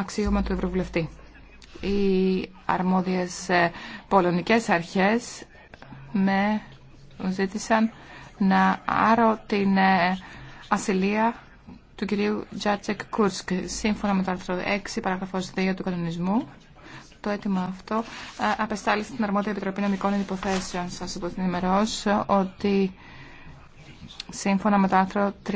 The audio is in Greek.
αξίωμα του Ευρωβουλευτή. Οι αρμόδιες ε, πολωνικές αρχές με ζήτησαν να άρω την ε, ασυλία του κυρίου Τζάτσεκ Κούρσκ σύμφωνα με το άρθρο 6 παραγραφός 2 του κανονισμού. Το αίτημα αυτό ε, απεστάλησε στην Αρμόδια Επιτροπή Νομικών Υποθέσεων. Σας υποθυμερώσω ότι σύμφωνα με το άρθρο 3